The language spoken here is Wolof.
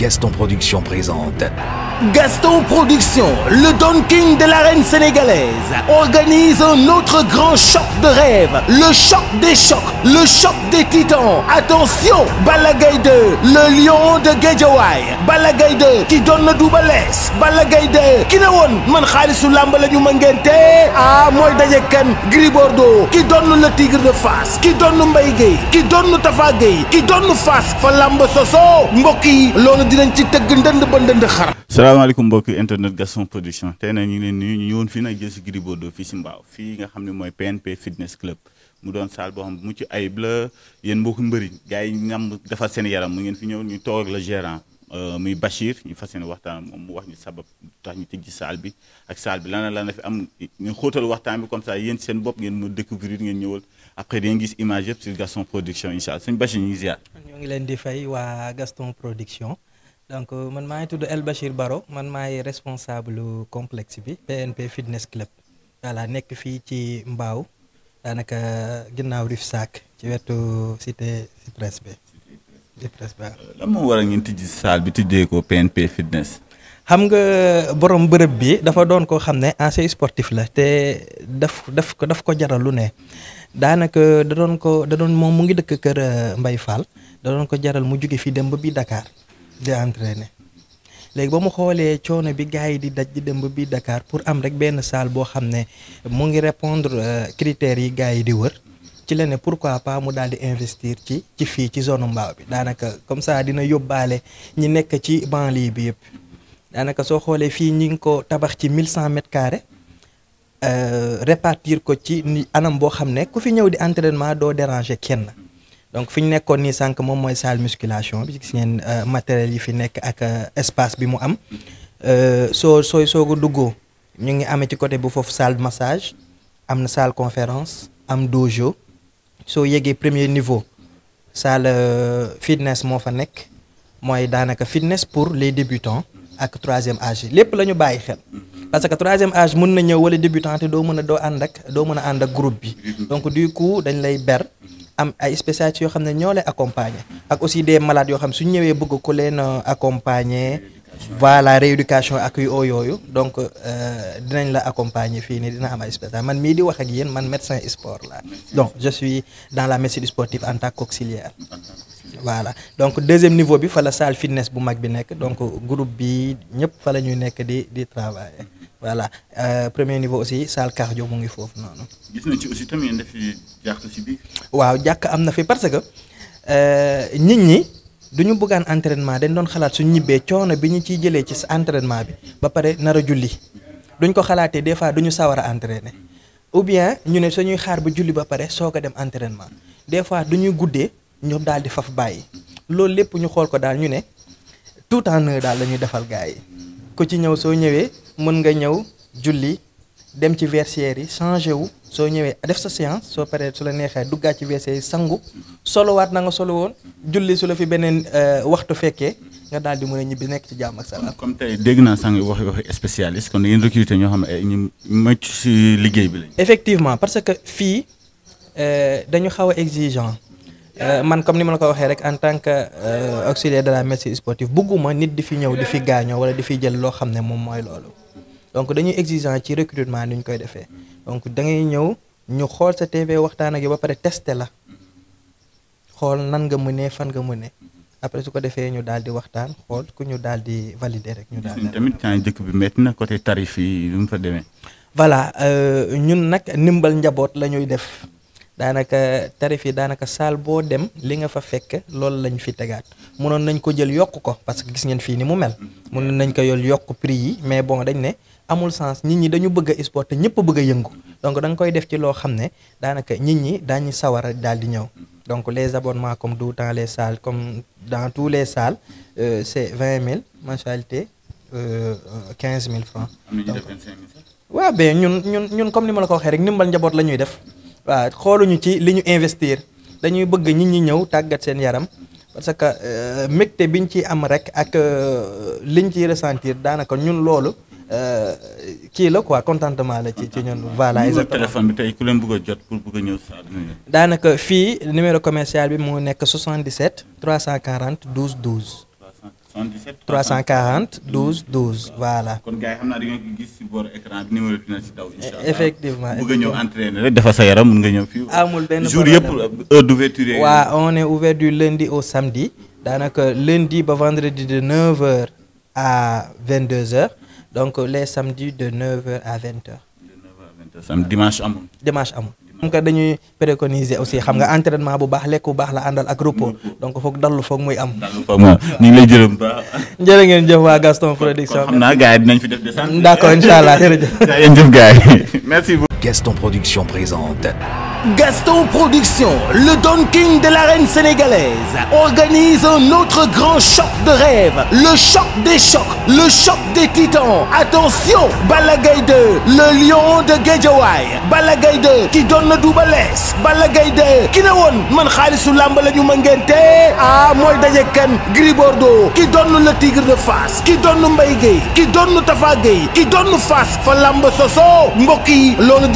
Gaston Production présente. Gaston Production, le Don King de l'arène sénégalaise, organise un autre grand choc de rêve, le choc des chocs, le choc des titans. Attention, Balla Gaye 2, le lion de Guédiawaye, Balla Gaye 2 ki doon na Double Less, Balla Gaye 2 ki ne woon man xaalisu làmb la ñu ma ngente ah mooy daje kan Gris Bordeaux ki doon la Tigre de Fass ki doon Mbaye Guèye ki doon Tafa Guèye ki doon Fass fa làmb soso dinañ ci tëgg ndënd ba ndënd xar. salaamaaleykum mbokki internet Gaston production tey nag ñu ngi leen nuyu ñu ñëwoon fii nag jël si Gris Bordeaux fii si Mbaaw fii nga xam ne mooy PNP fitness club mu doon saal boo xam ne mucc ayib la yéen mbokki mbëri gars yi ñam defar seen yaram mu ngeen fi ñëw ñu toog ak le gérant euh, muy Bachir ñu fas yéene waxtaan moom mu wax ñu sabab tax ñu tijji saal bi ak saal bi lan la fi am ñu xootal waxtaan bi comme sax yéen seen bopp ngeen mu découvrir ngeen ñëwal après dañu gis image yëpp production incha allah sëñ Bachir ñu ngi leen di fay waa production. donc euh, man maa ngi tudd El Bachir Baro man maay responsable complexe bi PNP Fitness Club voilà nekk fii ci Mbao daanaka ginnaaw Rufsac ci wetu cité Cyprès bi Cyprès bi lan moo waral ngeen tijji salle bi tijjee ko PNP Fitness. xam nga borom bërëb bi dafa doon koo xam ne ancien sportif la te daf daf ko daf ko jaral lu ne daanaka da doon ko da doon moom mu ngi dëkk kër euh, mbay Fall da doon ko jaral mu jóge fii dem ba bii dakaar di entraîner léegi ba mu xoolee coono bi gars yi di daj di dem ba biir Dakar pour am rek benn salle boo xam ne mu ngi répondre euh, critères yi gars yi di wër ci la ne pourquoi pas mu daal di investir ci ci fii ci zone mbaaw bi daanaka comme ça dina yóbbaale ñi nekk ci banlieue bi yëpp daanaka soo xoolee fii ñi ngi ko tabax ci mille cent mètres carrés euh, répartir ko ci ni anam boo xam ne ku fi ñëw di entraînement doo déranger kenn. donc fi ñu nekkoon nii sànq moom mooy salle musculation bi gis ngeen euh, matériel yi fi nekk ak euh, espace bi mu am euh, soo sooy soog a duggoo ñu ngi amee ci côté bu foofu salle massage am na salle conférence am dojo soo yegee premier niveau salle fitness moo fa nekk mooy daanaka fitness pour les débutants ak troisième âge lépp la ñu bàyyi xel parce que troisième age mën na ñëw wala débutant te doo mën a doo ànd ak doo mën a ànd ak groupe bi donc du coup dañ lay ber. am ay spécialistes yoo xam ne ñoo lay accompagner ak aussi des malades yoo xam suñu ñëwee bëgg ko leen euh, accompagner voilà rééducation ak yooyu donc euh, dinañ la accompagner fii nii dina am ay spécialistes man mii di wax ak yéen man médecin sport la donc je suis dans la médecine sportive en tant qu'auxiliaire voilà donc deuxième niveau bi fa la salle fitness bu mag bi nekk donc groupe bi ñëpp fa la ñuy nekk di di travailler. voilà euh, premier niveau aussi salle cardio mu ngi foofu noonu. jàkk waaw jàkk am na fi parce que euh, nit ñi du ñu bëggaan entraînement dañ doon xalaat suñ ñibbee coono bi ñu ciy jëlee ci entraînement bi ba pare nar julli duñ ko xalaatee des fois du ñu sawar a entraîner ou bien ñu ne suñuy xaar ba julli ba pare soog a dem entraînement des fois du ñuy guddee ñu daal di faf bàyyi loolu lépp ñu xool ko daal ñu ne tout en daal lañuy defal gars yi ku ci ñëw soo ñëwee. mën nga ñëw julli dem ci versaire yi changé wu soo ñëwee def sa séance soo paree su la neexee duggaat ci versaire yi sangu solowaat na nga solo woon julli su la fi beneen euh, waxtu fekkee nga daal di mën a ñibbi nekk ci jàmm ak salaam. comme tey dégg naa sànq wax waxi spécialiste kon yéen recruter ñoo xam ne ñu mucc si liggéey bi lañ. effectivement parce que fii euh, dañu xaw a exigeant euh, man comme ni ma la ko waxee rek en tant que auxiliaire de la médecine sportive bugguma nit di fi ñëw di fi gaañoo wala di fi jël loo xam ne moom mooy loolu. donc dañuy exigeant ci recrutement ni ñu koy defee donc da ngay ñëw ñu xool sa TV waxtaan ak yow ba pare testé la xool nan nga mënee fan nga mënee après su ko defee ñu daal di waxtaan xool ku ñu daal di valider rek. ñu daal di tamit temps yi bi métti na côté tarif yi lu mu fa demee. voilà euh, ñun nag ndimbal njaboot la ñuy def. daanaka tarif yi daanaka saal boo dem li nga fa fekk loolu lañ fi tegaat mënoon nañ ko jël yokk ko parce que gis ngeen fii ni mu mel mënoon nañ ko yol yokk prix yi mais bon dañ ne amul sens nit ñi dañu bëgg a te ñëpp bëgg a yëngu donc da koy def ci loo xam ne daanaka nit ñi daañu sawar a daal di ñëw donc les abonnements comme tout dans les salles comme dans tous les salles euh, c' vingt mille mensualité euh, quinze mille francs. am na ñu def waaw ben ñun ñun ñun comme ni ma la ko waxee rek ndimbal njaboot la ñuy def. xoolu ñu ci li ñu investir dañuy bëgg nit ñi ñëw tàggat seen yaram parce que euh, bi biñ ci am rek ak euh, liñ ciy ressentir daanaka ñun loolu euh, kii la quoi contentement la ci ci ñun. voilà exactement téléphone bi tey ku leen bugg a jot pour bëgg a ñëw daanaka fii numéro commercial bi mu nekk 77 340 12 12. 77 340 12 12 voilà. kon gars booru écran bi numéro dina ci daw incha e-, allah effectivement bu nga ñëw entraîner rek sa yaram mun nga ñëw fii. amul benn jour yëpp heure d'ouverture waaw on est ouvert du lundi au samedi daanaka lundi ba vendredi de 9h à vingt deux h donc les samedis de 9h à 20h. de 9h à 20 dimanche amul. donc dañuy préconiser aussi xam nga entraînement bu baax lekk bu baax la àndal ak repos donc foog dallu foog muy am. dallu foog ñu ngi lay jërëm baax. jërë ngeen jëf waa Gaston production. kon xam naa gars yi fi def descente. d'accord incha allah jërëjëf. jërëjëf gars Gaston Productions présente. Gaston Productions, le Don King de l'arène sénégalaise, organise un autre grand choc de rêve, le choc des chocs, le choc des titans. Attention, Balla Gaye 2, le lion de Guédiawaye, Balla Gaye 2 ki doon na Double Less, Balla Gaye 2 ki ne man xaalisu làmb la ñu ma ngente ah mooy daje Gris Bordeaux ki doon le Tigre de Fass ki doon Mbaye Guèye ki doon Tafa Guèye ki fa làmb soso mbokk